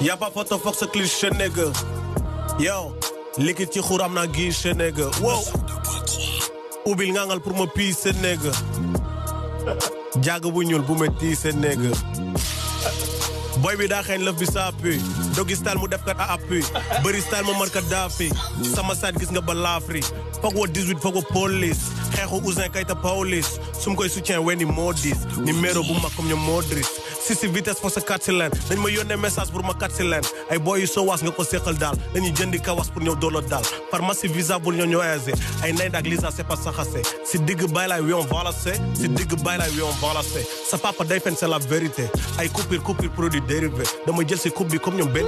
Y'a pas photo fox cliché, Yo, liquide ci xuram na guichet, nigga. Wow. Ubil ngangal pour me pisser, nigga. Jaga bu ñul bu me tissé, Boy bi da xeñ lëf bi sa doggy style mu def kat a appui Bari style ma markat daafi sama side gis nga ba laafri fago 18 fago police xeexu ousin kayta police Sum koy soutien weni modis, dis numéro bu mag comme ñoom si si vitesse fo sa kat si leen dañ ma yónnee message pour ma kat si ay boy so was nga ko dal daal yi jendi kawas pour ñëw doolo daal pharmacie visa bul ñoo ñoo aisé ay nay daak lisa c'est pas saxase si digg bàyyi laay wion valacé si digg bàyyi laay wion valacé sa papa day fen c'est la vérité ay coupure coupure produit dérivé dama jël si coupe kom comme ñoom